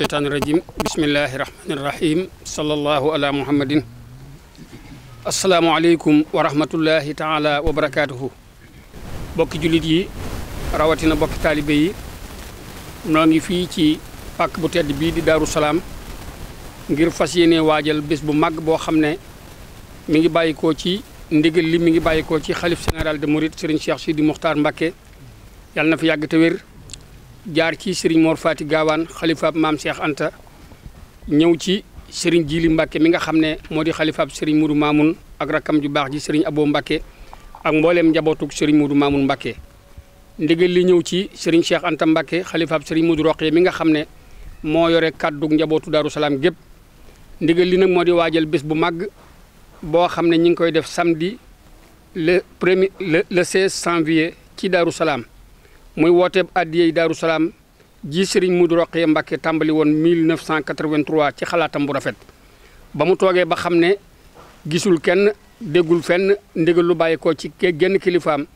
الشيطان الرجيم بسم الله الرحمن الرحيم صلى الله على محمد السلام عليكم ورحمة الله تعالى وبركاته بوك جوليت يي راتينا بوك طالبي يي نونغي في تي باك بو تيد بي دي دارو سلام ngir fas yéene waajal bés bu mag boo xam ne mi ngi bàyyikoo ci ndigal li mi ngi bàyyikoo ci xalif général de Mouride Serigne Cheikh Sidi Mokhtar Mbacké yàlla na fi yàgg te wér jaar ci Serigne Mor Fati gawan khalifa maam Cheikh Anta ñew ci Serigne Jili Mbacke mi nga xamne modi khalifa Serigne mourou Mamoun ak rakam ju bax ji Serigne Abo Mbacke ak mbollem njabotuk Serigne mourou Mamoun Mbacke ndigal li ñew ci Serigne Cheikh Anta Mbacke khalifa Serigne mourou Roqe mi nga xamne mo yore kàddu njabootu Darou Salaam ndigal li nak modi di bes bu mag bo xamne ñing koy def samedi le premier le le 16 janvier ci daru salam muy wooteeb addiyey Daaru Salaam ji Serigne Modou Rokhaya Mbacké tàmbali woon 1983 ci xalaatam bu rafet ba mu toogee ba xam ne gisul kenn déggul fenn ndigal lu bàyyi ko ci genn kilifaam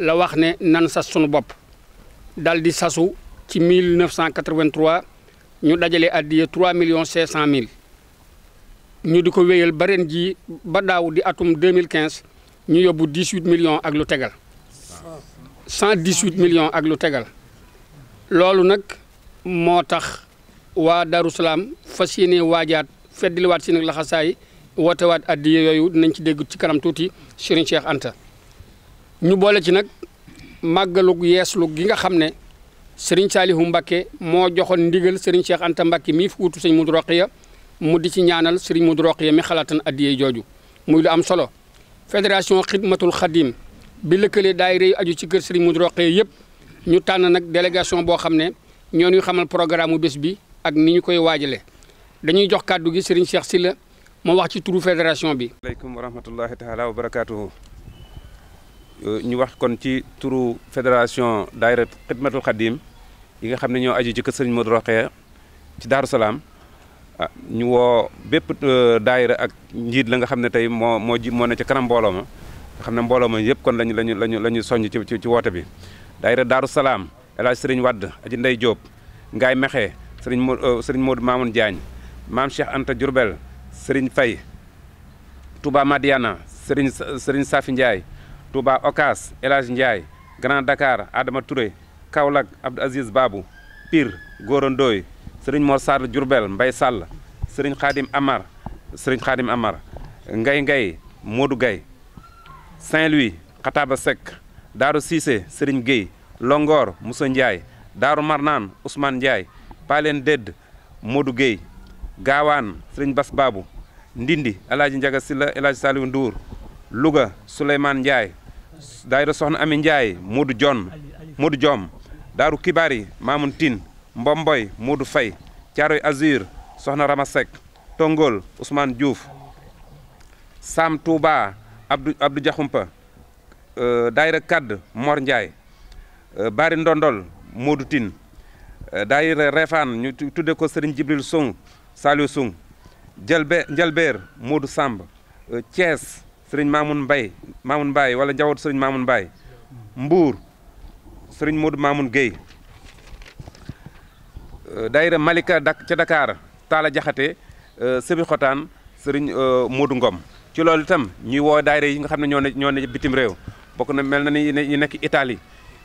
la wax ne nan sas sunu bopp dal di sasu ci 1983 ñu dajale addiye 3 millions 500 mille ñu di ko wéyal ba ren jii ba daaw di atum 2015 ñu yóbbu 18 millions ak lu tegal 118 millions ak lu tegal loolu nag moo tax waa Darou Salaam fas yéene waajaat feddiliwaat seen laxasaay wootewaat addi yooyu dinañ ci dégg ci kanam tuuti Serigne Cheikh Anta ñu boole ci nag màggalu yeeslu gi nga xam ne Serigne Salihu Mbakke moo joxoon ndigal Serigne Cheikh Anta Mbakke mii fu wutu sëñ Modou Rokhaya mu di ci ñaanal mu Serigne Modou Rokhaya mi xalaatan addi yooyu jooju muy lu am solo fédération matul xadim bi lekkale daayira yu aju ci kër Serigne Modou Rokhaya yëpp ñu tànn nag délégation boo xam ne ñoo ñu xamal programme mu bés bi ak ni ñu koy waajalee dañuy jox kàddu gi Serigne Cheikh sila mo wax ci turu fédération bi. alaykum wa rahmatullahi taala wa barakatuh ñu wax kon ci turu fédération daayira Xidmatul Xadim yi nga xam ne ñoo aju ci kër Serigne Modou Rokhaya ci daru Salaam. Ah, ñu woo bépp euh, daayira ak njiit la nga xam ne tey moo moo ji moo ne ca kanam mbooloo ma nga xam ne mbooloo ma yëpp kon lañu lañu lañu la ñu soññ ci ci woote bi daayira daaru salaam El Hadj Sëriñ Wadd aji Ndey Jóob Ngaay Mexe sëriñ sëriñ Moodu euh, Maamun Jaañ maam Cheikh Anta Jurbel sëriñ Fay Touba Madiana sëriñ sëriñ Safi Ndiaye Touba Okas El Hadj Ndiaye Grand Dakar Adama Touré Kaolack Abdou Aziz Babou Pire Gora Ndoye sëriñ Mor Sarr Jurbel Mbay Sàll sëriñ Xaadim Amar sëriñ Xaadim Amar Ngay Ngay Moodu Gay Saint-Louis Xataaba Seck Daaru Cissé Serigne Gueye Longor Moussa Ndiaye Daaru Marnaan Ousmane Ndiaye Palen Dedd Modou Gueye Gaawaan Serigne Bas Babu Ndindi El Hadj Ndiaga Sylla El Hadj Saliou Ndour Louga Souleymane Ndiaye daayira Soxna Ami Ndiaye Modou John Modou Diom Daaru Kibari Mamoun Tine Mbomboy Modou Faye Thiaroy Azur Soxna Rama Seck Tongol Ousmane Diouf Sam Touba Abdou Abdou Diakhoumpa euh, daayira Kadd Mor Ndiaye euh, Bari Ndondol Modou Tine euh, daayira Refaan ñu tudde ko Serigne Jibril Song Saliou Song Jalbe Jalbeer Samb Thiès Serigne Mamoun mbay Mamoun wala njawoot Serigne Mamoun Mbaye Mbour Serigne Modou Mamoun Gueye daayira Malika dak ca Dakar Talla Jaxate Sébi Xotaan Serigne Modou Ngom ci loolu itam ñuy woo daayira yi nga xam ne ñoo ne ñoo ne bitim réew bokk na mel na ni yi nekk Italie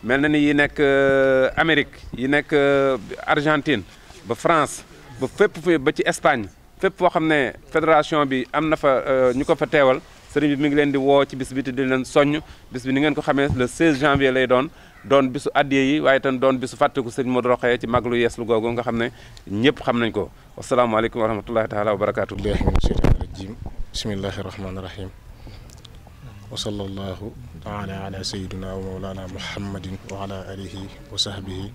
mel na ni yi nekk euh, Amérique yi nekk euh, Argentine ba France ba fépp ba ci Espagne fépp foo xam ne fédération bi am na fa euh, ñu ko fa teewal sëriñ bi mi ngi leen di woo ci bis bi te di leen soññ bis bi ni ngeen ko xamee le 16 janvier lay doon doon bisu addiyee yi waaye itam doon bisu fàtteku sëriñ Modou Rokhaya ci maglu yeslu lu googu nga xam ne ñëpp xam nañ ko wasalaamaaleykum wa rahmatullahi taala wa barakaatu. بسم الله الرحمن الرحيم وصلى الله تعالى على سيدنا ومولانا محمد وعلى آله وصحبه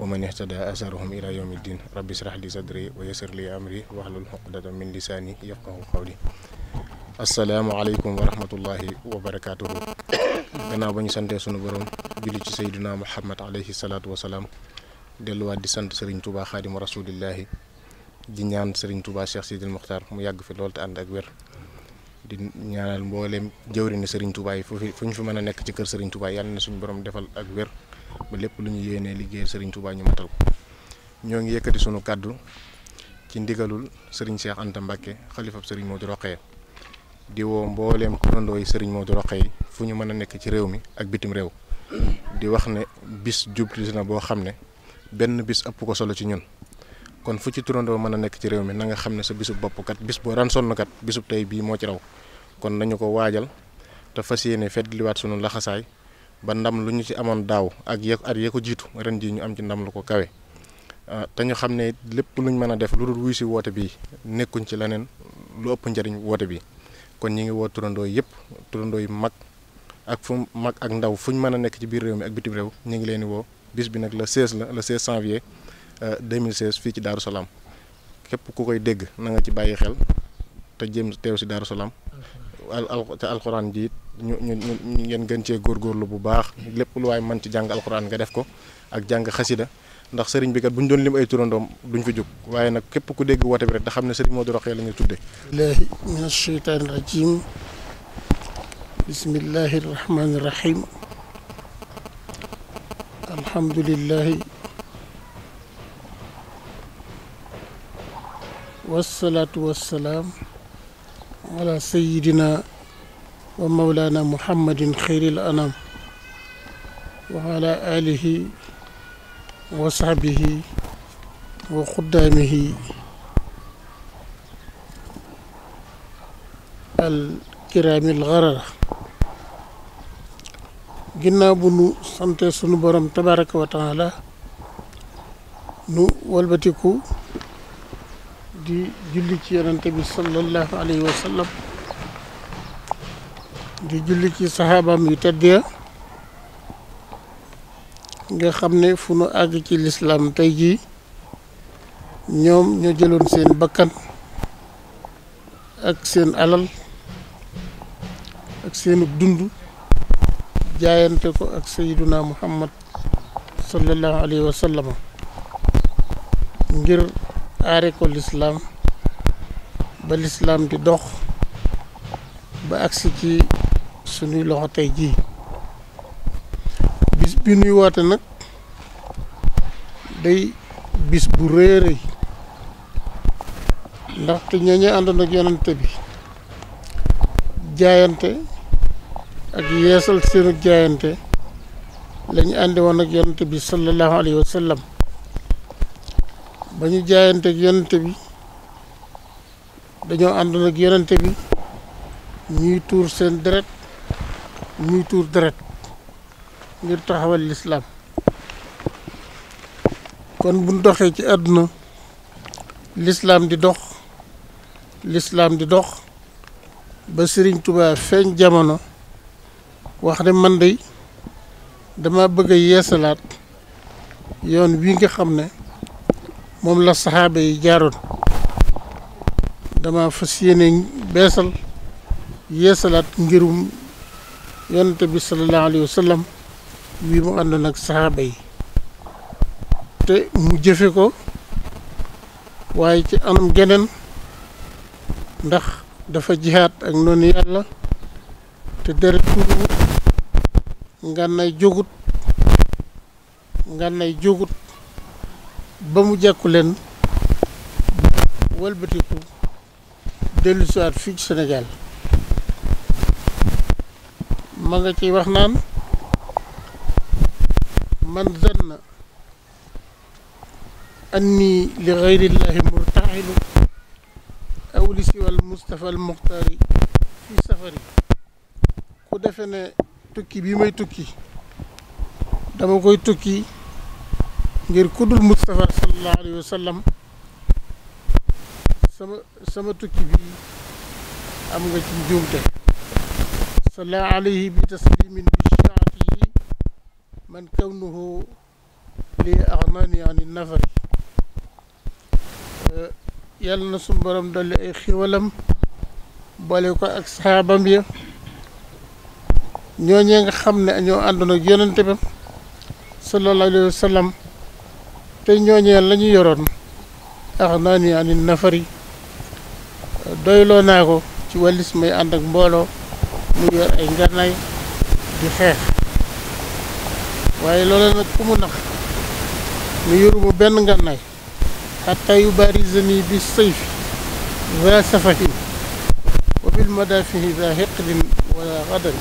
ومن اهتدى أثرهم إلى يوم الدين رب اشرح لي صدري ويسر لي أمري واحلل عقدة من لساني يفقهوا قولي السلام عليكم ورحمة الله وبركاته انا ba سانت سونو بروم borom سيدنا محمد عليه الصلاه والسلام salaatu دي سانت سيرن توبا خادم رسول الله di ñaan Serigne Touba Cheikh Sidil Mokhtar mu yàgg fi loolu te ànd ak wér di ñaanal mbooleem jëwriñu Serigne Touba yi fu ñu fi mën a nekk ci kër Serigne Touba na suñu borom defal ak wér lépp lu ñu yéenee liggéeyal Serigne Touba ñu matal ko ñoo ngi yëkkati sunu kàddu ci ndigalul Serigne Cheikh Anta Mbacke xalifab Serigne Modou Rokhaya di woo mbooleem kurandoo yi Serigne Modou Rokhaya fu ñu mën a nekk ci réew mi ak bitim réew di wax ne bis jublis na boo xam ne benn bis ëpp ko solo ci ñun kon fu ci turandoo mën a nekk ci réew mi nanga xam ne sa bisub bopp kat bis boo ran sonn kat bisub tey bii moo ci raw kon nañu ko waajal te fas yéene feddliwaat sunu laxasaay ba ndam lu ñu ci amoon daaw ak ya at ya ko jiitu ren jii ñu am ci ndam lu ko kawe. Ah, te ñu xam ne lépp luñ mën a def lu dul wuy si woote bi nekkuñ ci leneen lu ëpp njëriñ woote bi kon ñi ngi woo turandoo yëpp turandoo yu mag ak fu mag ak ndaw ñu mën a nekk ci biir réew mi ak bitim réew ñu ngi leen di woo bis bi nag le 16 la le 16 janvier. 2016 euh, fi ci daru salam kep ku koy deg na nga ci baye xel te jëm teew ci daru salam al te alquran ji ñu ñu ñu ngeen gën gor lu bu baax lepp lu way man ci jang alquran nga def ko ak jang khasida ndax serigne bi kat buñ doon lim ay turandom duñ fi juk waye nak kep ku deg wote bi rek da xamne serigne Modou Rokhaya la ñu tuddee. billahi mina rajim bismillahir rahmanir rahim alhamdulillahi والصلاة والسلام على سيدنا ومولانا محمد خير الأنام وعلى آله وصحبه وخدامه الكرام الغرر ginnaaw بنو nu سنبرم تبارك وتعالى نو والبتكو di julli ci yonente bi sallallahu alayhi wa sallam di julli ci saxaabaam yu tedd nga xam ne fu nu àgg ci lislaam tey jii ñoom ñoo jëloon seen bakkan ak seen alal ak seenub dund jaayante ko ak sayiduna muhammad sallallahu alayhi wa ngir aare ko l'islam ba l'islam di dox ba aksi ci suñu loxo tay ji bis bi nuy woote nak day bis bu ndax ndaxte ñooñu àndoon ak yonenté bi jaayanté ak yéssal seenu jaayanté lañu andé won ak yonenté bi sallallahu alayhi wasallam ba ñu jaayante ak yonente bi dañoo àndoon ak yonente bi ñuy tuur seen deret ñuy tuur deret ngir taxawal lislaam kon buñ doxee ci àdduna lislaam di dox lislaam di dox ba sëriñ Tuubaa feeñ jamono wax ne man dey dama bëgg a yeesalaat yoon wi nga xam ne mom la sahaba yi jaaroon dama fas yéene beesal yeesalaat ngirum yonente bi sallallahu alayhi wa sallam wi mu àndoon ak sahaba yi te mu jëfe ko waaye ci anam geneen ndax dafa jihaat ak noonu yàlla te deret tuuru ngànnaay jógut ngànnaay jógut ba mu jekku leen walbatiku dellu siwaat fii ci Sénégal ma nga ci wax naan man zanna anni li gayrillahi murtaxilu aw li siwal Mustafa al Muxtaari fi safari ku defe ne tukki bi may tukki dama koy tukki ngir kuddul Moustapha sallallahu alayhi sama tukki bi am nga ci njuumte salla alayhi bi taslimin bi shaatihi man kawnuhu li axnani ani nafari yàlla na suñu borom dolli ay xiwalam boole ko ak saxaabam ya ñooñee nga xam ne ñoo àndoon ak yonente ba sallallahu alayhi تنجوني لني يرون أغناني عن النفري دويلو ناغو تواليس مي عندك بولو نيور انجرناي دي خيخ وايلو لنك كمونخ نيورو بن غناي حتى يباريزني بالصيف ولا سفهي وبالمدافه ذا هقل ولا غدر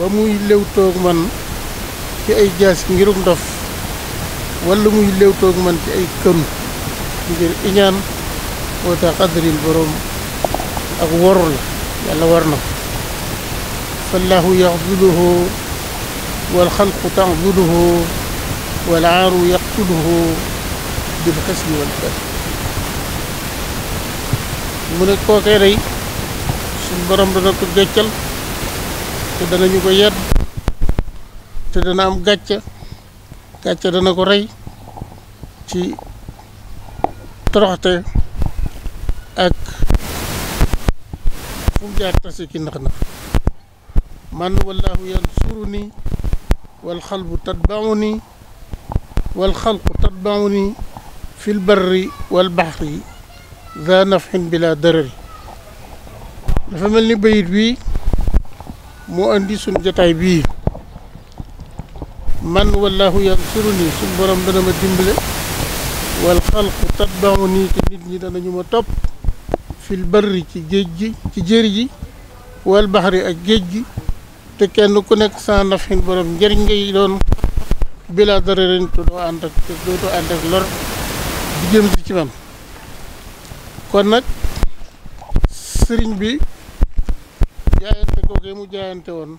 بموي لو توغ من في اي جاس نيرو ندف ولا مو يلو توك من أي كن يقول إنيان وتقدر البروم أغورل يلا ورنا فالله يغضله والخلق تعضله والعار يقتله بالحسن والفتح من الكوكيري سنبرم رنك الجتل تدنى نيكو يد تدنى أم جتل gàcce dana ko rey ci toroxte ak fu mu jaar tase ki ndax ndax man wallaahu yansuru ni wal xalbu tatbau ni wal xalqu tatbau ni fil barri wal baxri za nafxin bila darari dafa mel ni bayit wi moo andi suñ jataay bii man wallahu yansuru nii suñu borom dana ma dimbale wal xalqu tatbaxu nii te nit ñi danañu ma topp fil barri ci géej gi ci jéeri ji wal baxri ak géej gi te kenn ku nekk sans nafin borom njëriñ ngay doon bila dara ren te doo ànd ak lor di jëm si ci man kon nag sëriñ bi jaayante kookee mu jaayante woon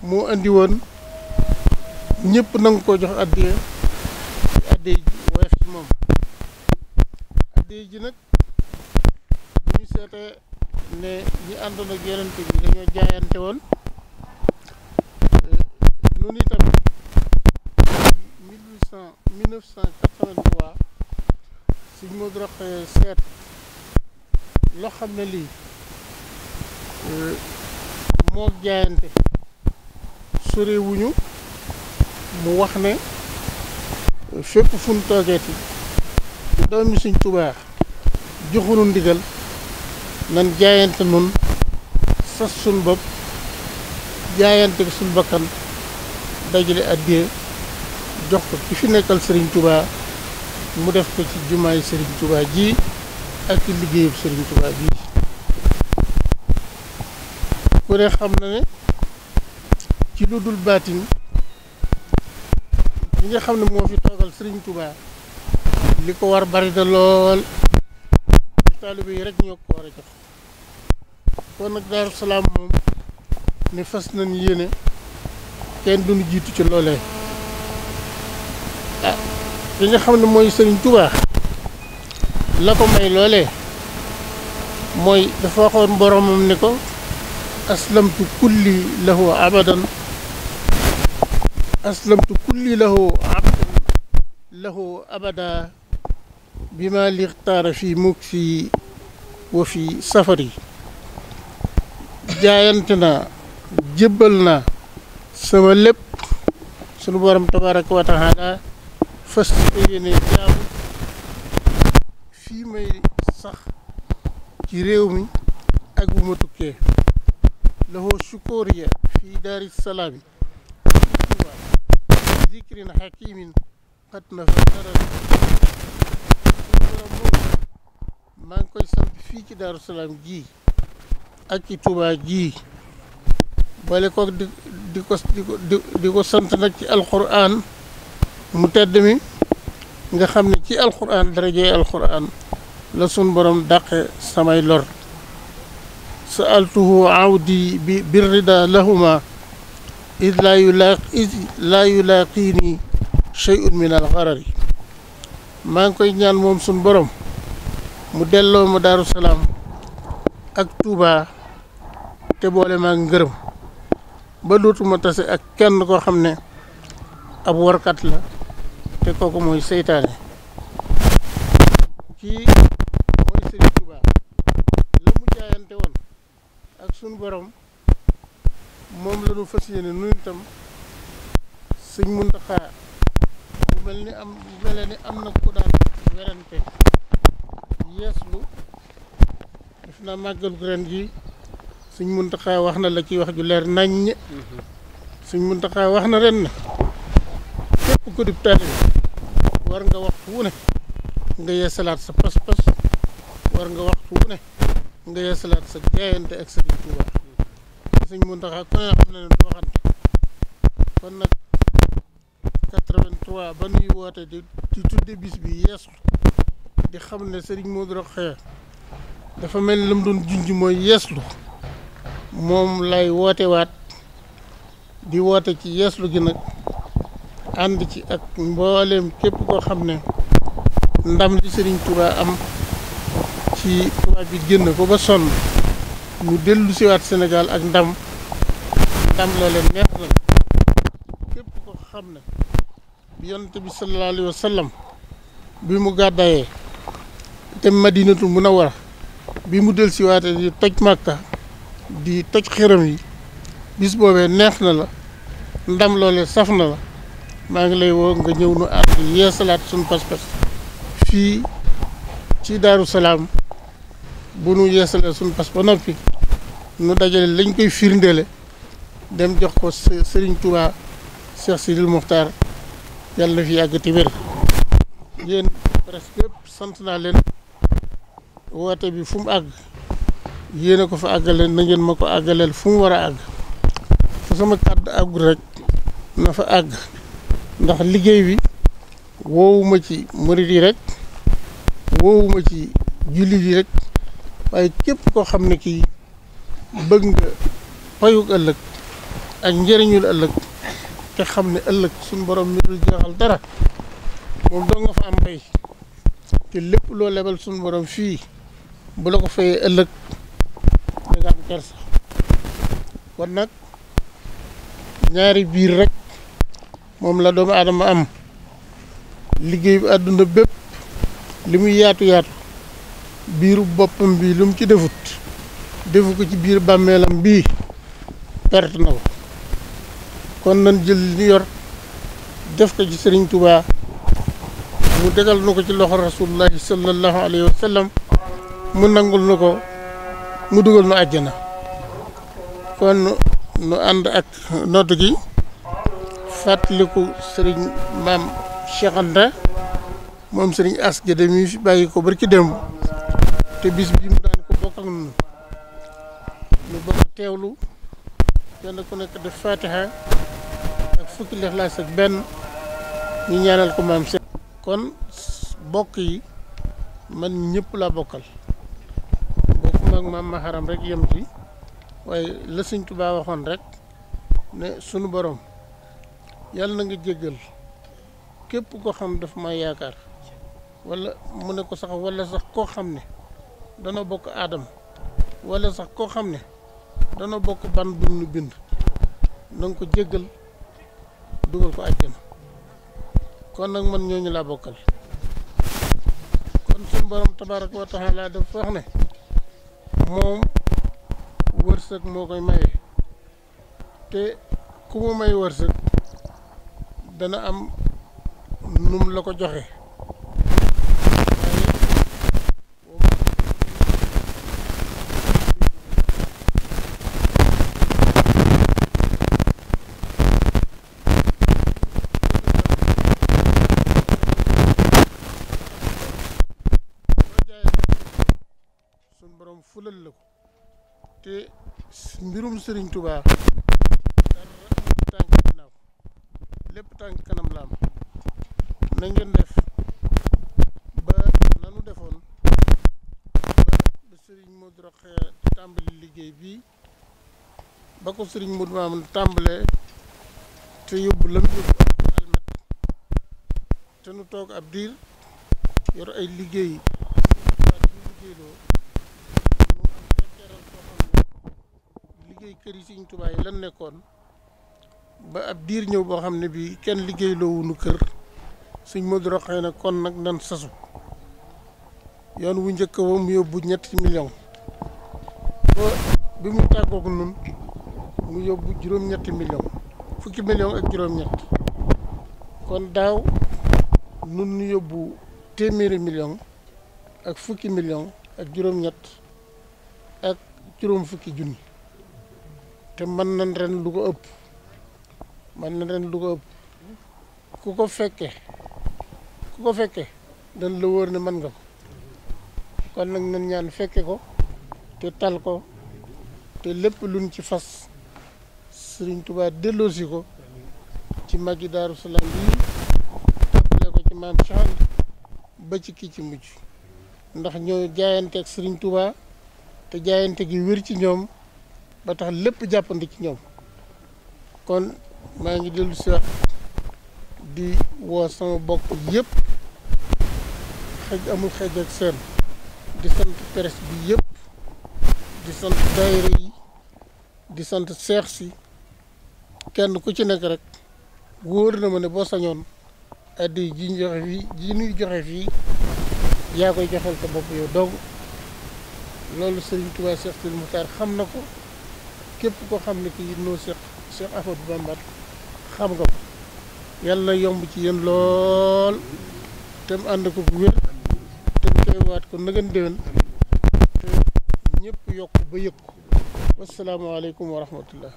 mu indi woon ñëpp nangu ko jox addiya addiya ji woyof ci moom addiya ji nag bu ñu seetee ne ñi àndoon ak yonent bi dañoo jaayante woon eh, noonu itam 1800 1983 suñ ma doon seet loo xam ne lii eh, moo jaayante sore mu wax ne fépp fu nu toogeeti doomi Sëñ Tuubaa joxunu ndigal nan jaayante nun sas suñ bopp jaayante suñ bakkan dajale addiya jox ko ki fi nekkal Sëriñ Tuubaa mu def ko ci jumaay Sëriñ tubaa ji ak ci liggéeyub Sëriñ Tuubaa bii ku ne xam na ne ci lu dul baatin li nga xam ne moo fi toogal Serigne Touba li ko war bari na lool taalibe yi rek ñoo ko war a jox kon nag Daaru Salaam moom ne fas nañ yéene kenn duñu jiitu ci loolee ah li nga xam ne mooy Serigne Touba la ko may loolee mooy dafa waxoon boromam ni ko aslamtu kulli lahu abadan aslamtu كل له عقد له أبدا بما اختار في مكفي وفي سفري جاينتنا جبلنا سوى لب سنو تبارك وتعالى فاستيني جاو في مي صح كريومي أقو متوكي له شكوريا في دار السلام ذكر حكيم قد نفكر ما نكون سنت فيك دار سلام جي أكي توبا جي بالكوك ديكوس ديكوس سنتنا كي القرآن متدمي نخمن كي القرآن درجة القرآن لسون برم دق سماي لور سألته عودي برضا لهما id laa yulaa id laa yulaaqiini shay'un min alxarari maa ngi koy ñaan moom suñ borom mu delloo ma daaru salaam ak Touba te boole maa ngërëm ba dootuma tase ak kenn koo xam ne ab warkat la te kooku mooy seytaane kii mooy Sëriñ Touba la mu jaayante woon ak suñ borom mom la ñu fas yéene nuyu Muntaxa bu melni am bu melni am na ku daan wérante yeslu def na magal gu ren gi sëñ Muntaxa wax la ci wax ju leer mm-hmm. Muntaxa ren na kep ko di taalibe war nga wax fu ne nga yeesalaat sa pas pass war nga wax fu ne nga sa gayante ak sa sëñ Muntaxa ku ne xam na ne du waxante nag ba nuy woote di tudde bis bi yeesu di xam ne sëriñ Modou Rokhaya dafa mel ni la mu doon junj mooy yeeslu moom lay woote waat di woote ci yeeslu gi nag ànd ci ak mbooleem képp koo xam ne ndam li sëriñ Touba am ci Touba bi génn ko ba sonn mu dellu siwaat senegaal ak ndam ndam loole neex na képp ko xam ne bi yonent bi sallallahu alayhi wa sallam bi mu gàddaayee te madinatu munawwara bi mu del siwaate di toj màkka di toj xëram yi bis boobee neex na la ndam loole saf na la maa ngi lay woo nga ñëw nu ànd yeesalaat suñu pas-pas fii ci Daaru bu nu yeesalee suñu pas ba noppi nu dajale lañ koy firndeele dem jox ko Serigne Touba Cheikh Sidil Mokhtar yàlla na fi yàgg te wér presque yëpp sant naa leen woote bi fu mu àgg yéen ko fa àggale na ngeen ma ko àggaleel fu mu war a àgg fu sama kàdd àggul rek na fa àgg ndax liggéey bi woowuma ci murid yi rek woowuma ci jullit yi rek waaye képp koo xam ne kii bëgg nga payug ëllëg ak njëriñul ëllëg te xam ne ëllëg suñ borom mi dul dara moom doo nga fa am pay te lépp loo lebal suñ borom fii bu la ko fayee ëllëg da nga kersa kon nag ñaari biir rek moom la doomu aadama am liggéey bi àdduna bépp li muy yaatu yaatu biru bopum bi lum ci defut defu ko ci bir bamelam bi perte na ko kon nan jël li yor def ko ci serigne touba mu degal na ci loxo rasulullah sallallahu alaihi wasallam mu nangul na mu dugal nu aljana kon nu and ak noddu gi fàttaliku serigne mam Cheikh anda mom serigne as mi barki dem te bis bi mu daan ko bokk ak ñun ñu bokk teewlu kenn ku nekk def fatiha ak fukki lixlaas ak benn ñu ñaanal ko maam kon bokk yi man ñëpp laa bokkal bokkuma ak maam maharam rek yem ci waaye la Sëñ Tuubaa waxoon rek ne sunu borom yàlla na nga jéggal képp ko xam daf ma yaakaar wala mu ne ko sax wala sax koo xam danoo bokk aadama walla sax koo xam ne dana bokk ban bu nu bind na nga ko jéggal dugal ko àjjana kon nag man ñooñu laa bokkal kon suñu borom tabaraka wa taala dafa wax ne moom wërsëg moo koy maye te ku mu may wërsëg dana am num la ko joxe fulal la ko te mbirum sëriñ tubaa dara tànk lépp tànk kanam laam na ngeen def ba nanu defoon ba sëriñ Modou Rokhaya tàmbali liggéey bi ba ko sëriñ Modou Mamoune tàmbalee te yóbbu lam yóbbu ak almet te nu toog ab diir yor ay liggéey liggéeyloo liggéey kër yi Sëriñ Tuubaa lan nekkoon ba ab diir ñëw boo xam ne bii kenn liggéey loowunu kër suñ Modou Rokhaya na kon nag nan sasu yoon wu njëkk wa mu yóbbu ñetti million bi mu tàggoog mu yóbbu juróom-ñetti fukki million ak juróom-ñett kon daaw nun ñu yóbbu téeméeri million ak fukki million ak juróom-ñett ak juróom fukki junni te mën na ren lu ko ëpp mën na ren lu ko ëpp ku ko fekke ku ko fekke dañ la wër na mën nga ko kon nag nañ ñaan fekke ko te tal ko te lépp luñ ci fas sëriñ tubaa delloosi ko ci magi Daaru Salaam bi tàmbale ko ci maam Cheikh ba ci kii ci mujj ndax ñoo jaayanteeg sëriñ Tuubaa te jaayante gi wér ci ñoom ba tax lépp jàppandi ci ñoom kon maa ngi dellu si di woo sama bokk yépp xëj amul xëj ak seen di sant presse bi yépp di sant daayira yi di sant seex si kenn ku ci nekk rek wóor na ma ne boo sañoon addi ji ñu joxe fii ji ñuy joxe fii yaa koy joxal sa bopp yow dong loolu Serigne Touba Cheikh Sidi Moukhtar xam na ko képp koo xam ne kii noo Cheikh Cheikh Ahmadou Bamba xam nga ko yàlla na yomb ci yéen lool te mu ko bu wér te mu koy waat ko nëgën te ñëpp yokk ba yëg ko wasalaamaaleykum wa rahmatullah